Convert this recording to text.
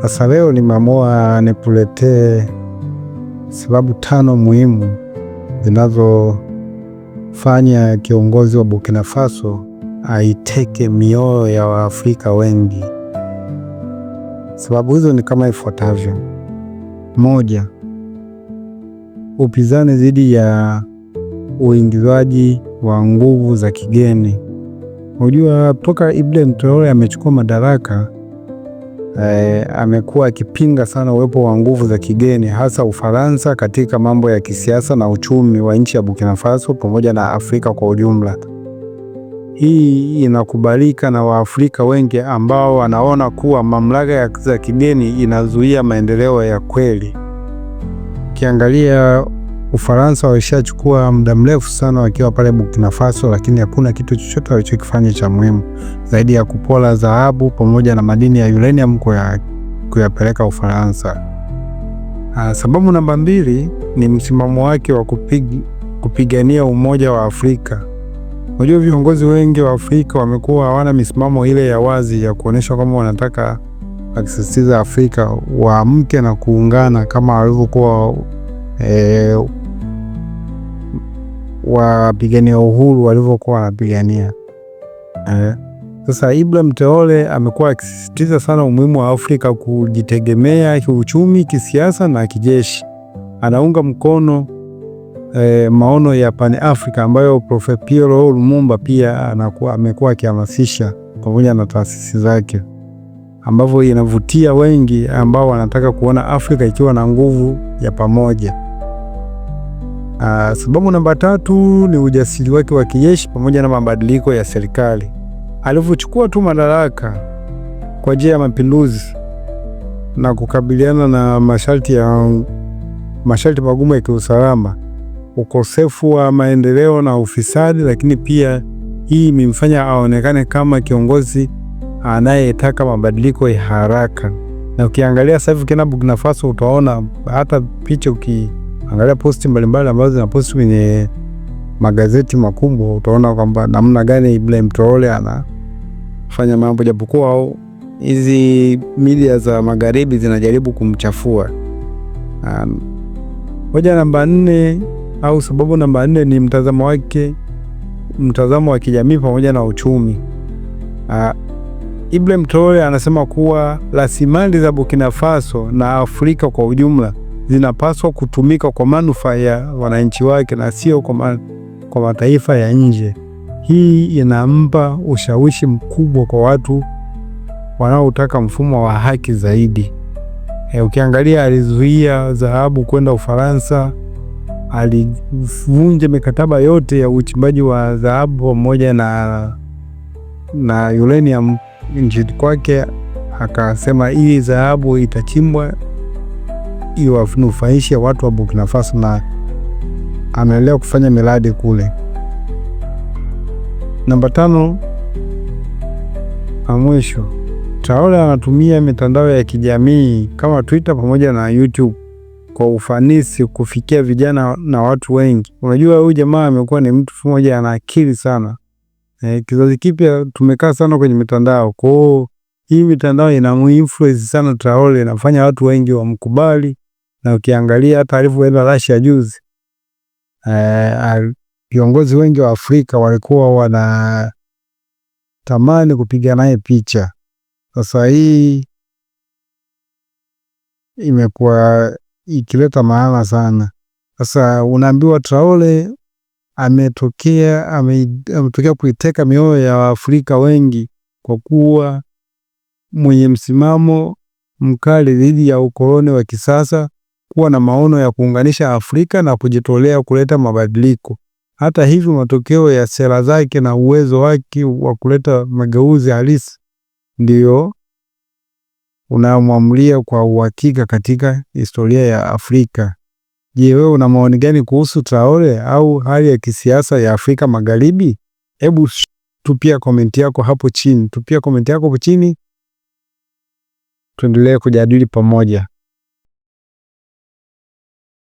Sasa leo nimeamua nikuletee sababu tano muhimu zinazofanya kiongozi wa Burkina Faso aiteke mioyo ya Waafrika wengi. Sababu hizo ni kama ifuatavyo: moja, upinzani dhidi ya uingizwaji wa nguvu za kigeni. Unajua, toka Ibrahim Traore amechukua madaraka e, amekuwa akipinga sana uwepo wa nguvu za kigeni hasa Ufaransa katika mambo ya kisiasa na uchumi wa nchi ya Burkina Faso pamoja na Afrika kwa ujumla. Hii inakubalika na Waafrika wengi ambao wanaona kuwa mamlaka za kigeni inazuia maendeleo ya kweli. Ukiangalia Ufaransa walishachukua muda mrefu sana wakiwa pale Burkina Faso, lakini hakuna kitu chochote walichokifanya cha muhimu zaidi ya kupola dhahabu pamoja na madini ya uranium kuyapeleka Ufaransa. Aa, ah, sababu namba mbili ni msimamo wake wa kupigania umoja wa Afrika. Unajua viongozi wengi wa Afrika wamekuwa hawana misimamo ile ya wazi ya kuonyesha kwamba wanataka akisisitiza Afrika waamke na kuungana kama walivyokuwa eh, wapigania uhuru walivyokuwa wanapigania. Eh, sasa Ibrahim Traore amekuwa akisisitiza sana umuhimu wa Afrika kujitegemea kiuchumi, kisiasa na kijeshi. Anaunga mkono eh, maono ya Pan Africa ambayo Prof Pierre Lumumba pia anakuwa amekuwa akihamasisha pamoja na taasisi zake, ambavyo inavutia wengi ambao wanataka kuona Afrika ikiwa na nguvu ya pamoja. Uh, sababu namba tatu ni ujasiri wake wa kijeshi pamoja na mabadiliko ya serikali. Alivyochukua tu madaraka kwa njia ya mapinduzi na kukabiliana na masharti ya masharti magumu ya kiusalama, ukosefu wa maendeleo na ufisadi, lakini pia hii imemfanya aonekane kama kiongozi anayetaka mabadiliko ya haraka. Na ukiangalia sasa hivi Burkina Faso utaona hata picha uki angalia posti mbalimbali ambazo zinaposti kwenye magazeti makubwa, utaona kwamba namna gani Ibrahim Traore anafanya mambo, japokuwa au hizi media za magharibi zinajaribu kumchafua. Um, hoja um, namba nne au sababu namba nne ni mtazamo wake, mtazamo wa kijamii pamoja na uchumi. Uh, Ibrahim Traore anasema kuwa rasilimali za Burkina Faso na Afrika kwa ujumla zinapaswa kutumika kwa manufaa ya wananchi wake na sio kwa, ma, kwa mataifa ya nje. Hii inampa ushawishi mkubwa kwa watu wanaotaka mfumo wa haki zaidi. E, ukiangalia alizuia dhahabu kwenda Ufaransa, alivunja mikataba yote ya uchimbaji wa dhahabu pamoja na, na uranium nchini kwake, akasema hii dhahabu itachimbwa iwanufaishe watu wa Burkina Faso na anaendelea kufanya miradi kule. Namba tano na mwisho, Traore anatumia mitandao ya kijamii kama Twitter pamoja na YouTube kwa ufanisi kufikia vijana na watu wengi. Unajua, huyu jamaa amekuwa ni mtu mmoja ana akili sana. E, kizazi kipya tumekaa sana kwenye mitandao, kwa hiyo hii mitandao ina influence sana Traore, inafanya watu wengi wamkubali na ukiangalia hata alivyoenda Russia juzi eh, viongozi wengi wa Afrika walikuwa tamani kupiga naye picha. Sasa hii imekuwa ikileta maana sana. Sasa unaambiwa Traore ametokea ametokea kuiteka mioyo ya Waafrika wengi kwa kuwa mwenye msimamo mkali dhidi ya ukoloni wa kisasa kuwa na maono ya kuunganisha Afrika na kujitolea kuleta mabadiliko. Hata hivyo, matokeo ya sera zake na uwezo wake wa kuleta mageuzi halisi ndiyo unamwamulia kwa uhakika katika historia ya Afrika. Je, wewe una maoni gani kuhusu Traore au hali ya kisiasa ya Afrika Magharibi? Hebu tupia komenti yako hapo chini, tupia komenti yako hapo chini, tuendelee kujadili pamoja.